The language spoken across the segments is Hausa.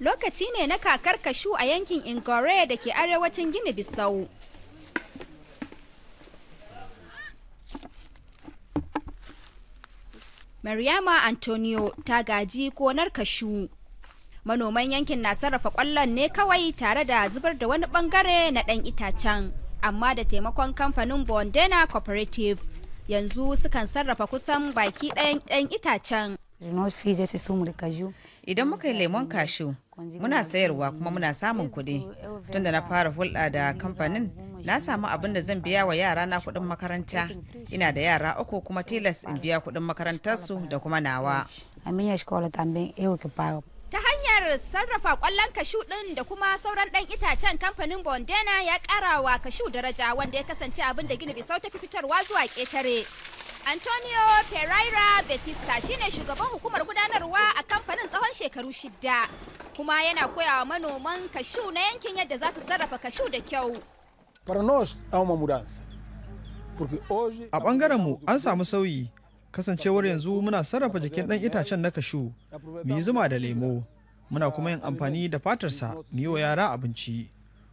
lokaci ne na kakar kashu a yankin ingore da ke arewacin gini bisau mariama Antonio ta gaji konar kashu. Manoman yankin na sarrafa kwallon ne kawai tare da zubar da wani bangare na dan itacen, amma da taimakon kamfanin Bondena Cooperative yanzu sukan sarrafa kusan baki dayan itacen. Idan muka yi lemon kashu, muna sayarwa kuma muna samun kuɗi eh, tunda na fara hulɗa da kamfanin na samu abin da zan biya wa yara na kuɗin makaranta ina da yara uku kuma tilas in biya kuɗin makarantarsu da kuma nawa ta hanyar sarrafa kwallon kashu ɗin da kuma sauran ɗan itacen kamfanin bondena ya ƙara wa kashu daraja wanda ya kasance abin da gina bisau fitarwa zuwa ƙetare antonio ferreira batista shine shugaban hukumar gudanarwa a kamfanin tsawon shekaru shida kuma yana koya wa manoman kashu na yankin yadda za su sarrafa kashu da kyau. A ɓangaren mu an samu sauyi kasancewar yanzu muna sarrafa jikin ɗan itacen na kashu mu zuma da lemo muna kuma yin amfani da fatarsa mu yi wa yara abinci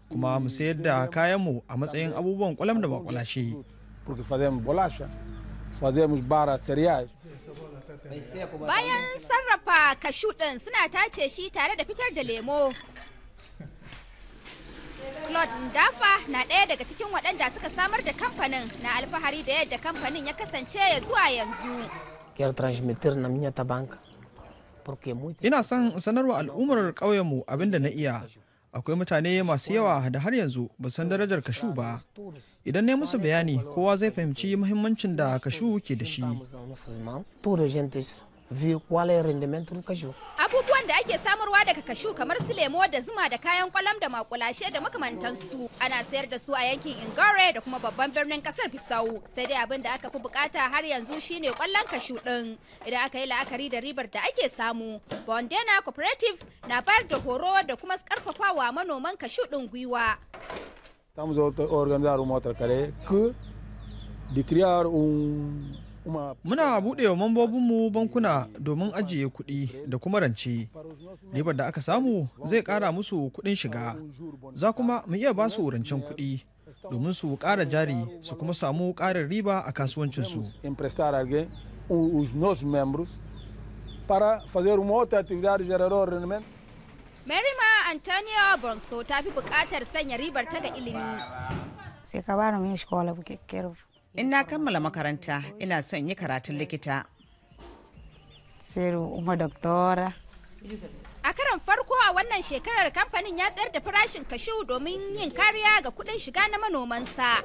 kuma mu sayar da kayanmu a matsayin abubuwan kwalam da bakwalashe. fazemos cereais. Bayan sarrafa kashu ɗin suna tace shi tare da fitar da lemo. Claude Ndafa na ɗaya daga cikin waɗanda suka samar da kamfanin na alfahari da yadda kamfanin ya kasance ya zuwa yanzu. Ina son sanarwa al'ummar ƙauyenmu abinda na iya akwai mutane masu yawa da har yanzu ba san darajar kashu ba idan ne musu bayani kowa zai fahimci muhimmancin da kashu ke da shi viyu kashu. Abubuwan da ake samarwa daga kashu kamar su lemo da zuma da kayan kwalam da makulashe da makamantansu ana sayar da su a yankin Ingore da kuma babban birnin kasar Bisau. Sai dai abin da aka fi bukata har yanzu shine kwallon kashu din. Idan aka yi la'akari da ribar da ake samu, Bondena Cooperative na bayar da horo da kuma karfafawa manoman kashu din gwiwa. Estamos zo organizar motar kare ku Muna buɗe wa mambobinmu bankuna domin ajiye kuɗi da kuma rance. Ribar da aka samu zai ƙara musu kuɗin shiga. Za kuma mu iya ba su rancen kuɗi domin su ƙara jari su kuma samu ƙarin riba a kasuwancinsu. Merima Antonio Bonso ta fi buƙatar sanya ribar ta ga ilimi. Sai ka bara mu ya shi kwallo in na kammala makaranta ina son yi karatun likita a karan farko a wannan shekarar kamfanin ya tsayar da farashin kashu domin yin kariya ga kudin shiga na manomansa